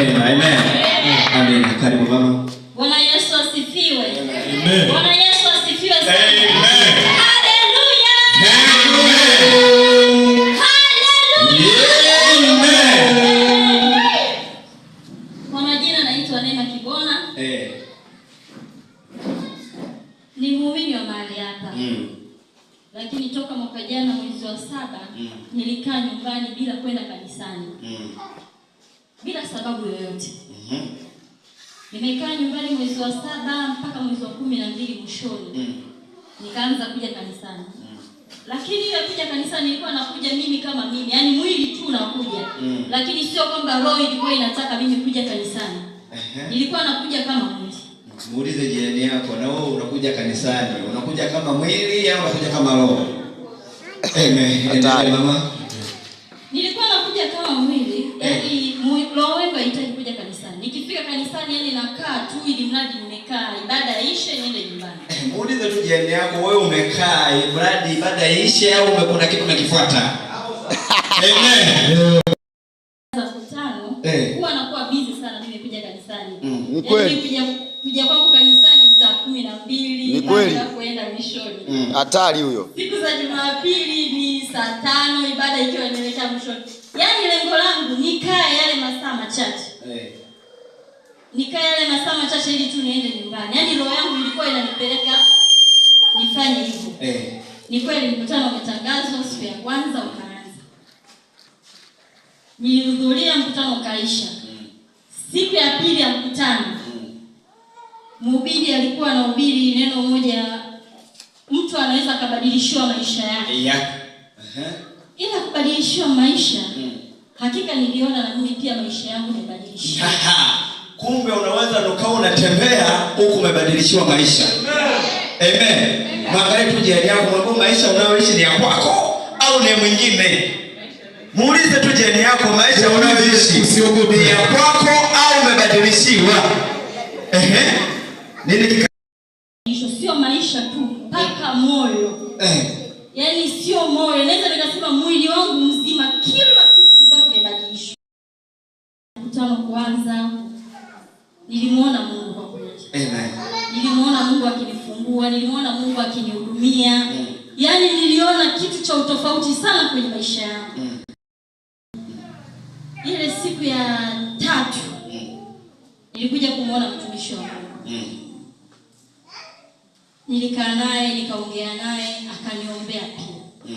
Amen. Amen. Amen. Karibu mama. Bwana Yesu asifiwe. Amen. Bwana Yesu asifiwe sana. Amen. majina Kibona. Eh. Ni wa mahali hapa. Mm. Lakini toka mwaka jana mwezi wa saba mm. nilikaa nyumbani bila kwenda kanisani. Mm bila sababu yoyote. Mhm. Nimekaa nyumbani mwezi wa saba mpaka mwezi wa kumi na mbili mwishoni. Mhm. Nikaanza kuja kanisani. Mhm. Lakini ile kuja kanisani ilikuwa nakuja mimi kama mimi, yaani mwili tu nakuja Lakini sio kwamba roho ilikuwa inataka mimi kuja kanisani. Nilikuwa nakuja kama mwili. Muulize jirani yako, na wewe unakuja kanisani unakuja kama mwili au unakuja kama roho? Amen. Mama tu ili mradi mmekaa ibada ishe niende nyumbani. Eh, muulize tu jirani yako, wewe umekaa eh, mradi ibada ishe au umekuna kitu umekifuata? Amen. Eh. Huwa nakuwa busy sana mimi kuja kanisani. Mm, ni yaani kweli. Kuja kuja kwako kanisani saa kumi na mbili. Ni kweli. Kuenda mishoni. Mm. Hatari huyo. Siku za Jumapili ni saa tano ibada ikiwa inaelekea mishoni. Yaani lengo langu ni nikae yale masaa machache. Eh nikae yale masaa machache ili tu niende nyumbani. Yaani roho yangu ilikuwa inanipeleka nifanye hivyo. Eh. Ni kweli mkutano wa matangazo siku ya kwanza ukaanza. Nilihudhuria mkutano ukaisha. Mm. Siku ya pili ya mkutano mm. mhubiri alikuwa anahubiri neno moja, mtu anaweza akabadilishiwa maisha yake. Yeah. Uh-huh. Ila kubadilishiwa maisha, mm. hakika niliona na mimi pia maisha yangu yamebadilishwa. kumbe unaweza ukawa unatembea huku umebadilishiwa maisha amen, amen. Mwangalie tu jirani yako, mwambie maisha unayoishi ni ya kwako au ni mwingine. Muulize tu jirani yako, maisha unayoishi ni ya kwako au umebadilishiwa? Ehe, nini kika sio maisha tu, mpaka moyo eh. Yani sio moyo, naweza nikasema mwili wangu mzima kwenye maisha yangu mm. Ile siku ya tatu mm. nilikuja kumwona mtumishi wa Mungu mm. Nilikaa naye nikaongea naye akaniombea pia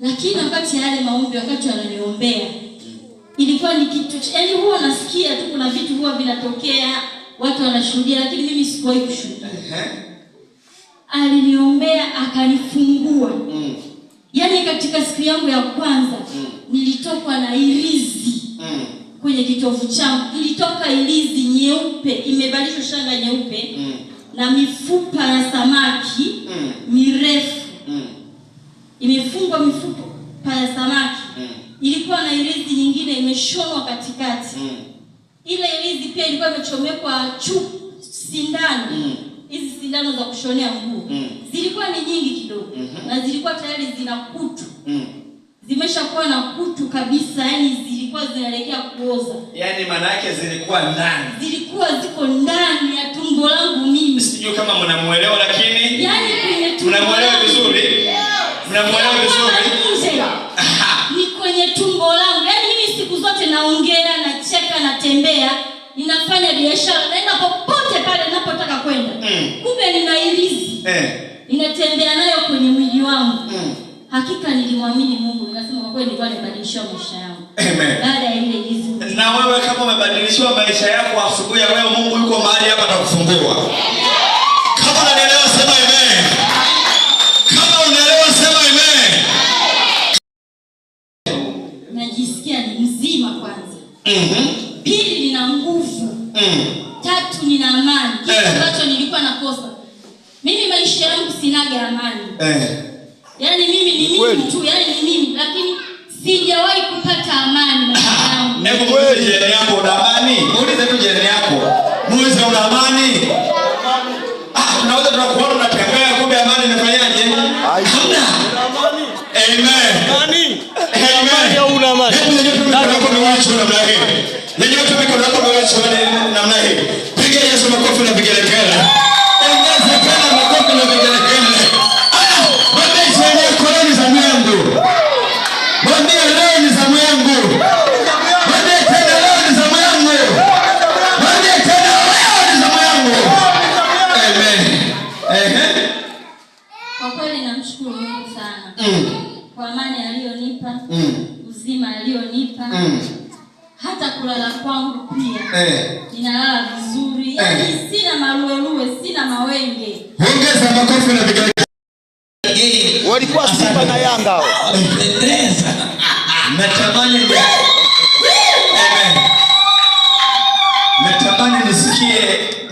Lakini wakati yale maombi, wakati ananiombea ilikuwa ni kitu yaani, huwa nasikia tu kuna vitu huwa vinatokea watu wanashuhudia, lakini mimi sikuwahi kushuhudia. Aliniombea akanifungua yangu ya kwanza mm. nilitokwa na ilizi mm. kwenye kitovu changu ilitoka ilizi nyeupe imevalishwa shanga nyeupe mm. na mifupa ya samaki mm. mirefu mm. imefungwa mifupa ya samaki mm. ilikuwa na ilizi nyingine imeshonwa katikati mm. ile ilizi pia ilikuwa imechomekwa chu sindani mm sindano za kushonea nguo mm. zilikuwa ni nyingi kidogo mm -hmm. na zilikuwa tayari zina kutu mm. zimeshakuwa na kutu kabisa, yani zilikuwa zinaelekea kuoza, yani maana yake zilikuwa ndani, zilikuwa ziko ndani ya tumbo langu mimi. Sijui kama mnamuelewa lakini eh. ninatembea nayo kwenye mwili wangu mm. hakika nilimwamini Mungu nikasema kwa kweli nilikuwa nimebadilishiwa maisha yangu baada ya ile jizu. Na wewe kama umebadilishiwa maisha yako asubuhi ya leo, Mungu yuko mahali hapa atakufungua. Mm-hmm. Pili nina nguvu. mm. Tatu nina amani. Kitu eh. ambacho nilikuwa nakosa mimi maisha yangu sinaga amani eh. Yaani mimi ni mimi tu, yaani ni mimi lakini sijawahi kupata amani Ni kweli jirani yako una amani? Muulize tu jirani yako. Muulize una amani? Ah, tunaweza tunakuona unatembea kumbe amani imefanyaje? Hamna. Amen. Amen. Amani una amani. Ndio tunataka kuona namna hii. Ndio tunataka kuona namna hii. mm. kwa amani aliyonipa mm. uzima aliyonipa mm. hata kulala kwangu pia eh. ninalala vizuri eh. yaani sina maruerue, sina mawenge. Ongeza makofi na vigelegele. Eh. Walikuwa Simba na Yanga hao. Natamani eh. natamani nisikie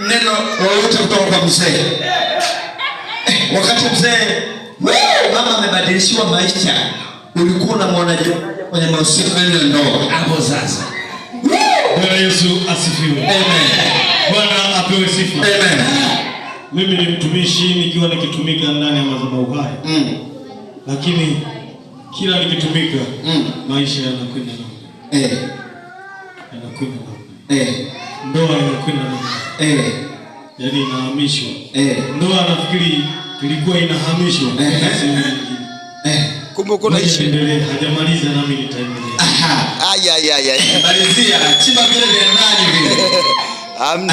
neno lolote kutoka kwa mzee eh. wakati mzee wewe mama amebadilishiwa maisha, ulikuwa unamwona kwenye mahusiano ya ndoa hapo sasa. Bwana Yesu asifiwe. Amen. Bwana apewe sifa. Amen. Mimi ni mtumishi nikiwa nikitumika ndani ya madhabahu haya. Mm. Lakini kila nikitumika mm. maisha yanakwenda na. Eh. Yanakwenda na. Eh. Ndoa inakwenda na. Eh. Yaani inahamishwa. Eh. Ndoa nafikiri ilikuwa inahamishwa. Eh. eh, eh, eh. Kumbe uko naishi. Endelee, hajamaliza nami nitaendelea. Aha. Aya aya aya. Malizia, chimba vile vya ndani vile. Amna.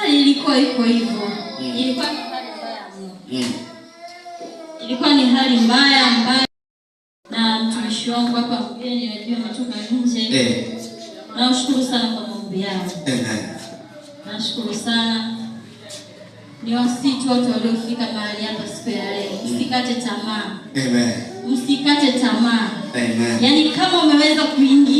Hali ilikuwa iko hivyo. Hmm. Ilikuwa ni hali mbaya mno. Hmm. Ilikuwa ni hali mbaya mbaya na mtumishi wangu hapa mgeni najua anatoka nje. Eh. Nashukuru sana kwa maombi yao. Eh. Nashukuru sana ni wasitu wote waliofika mahali hapa siku ya leo, msikate tamaa. Amen. Msikate tamaa. Amen. Yaani kama umeweza kuingia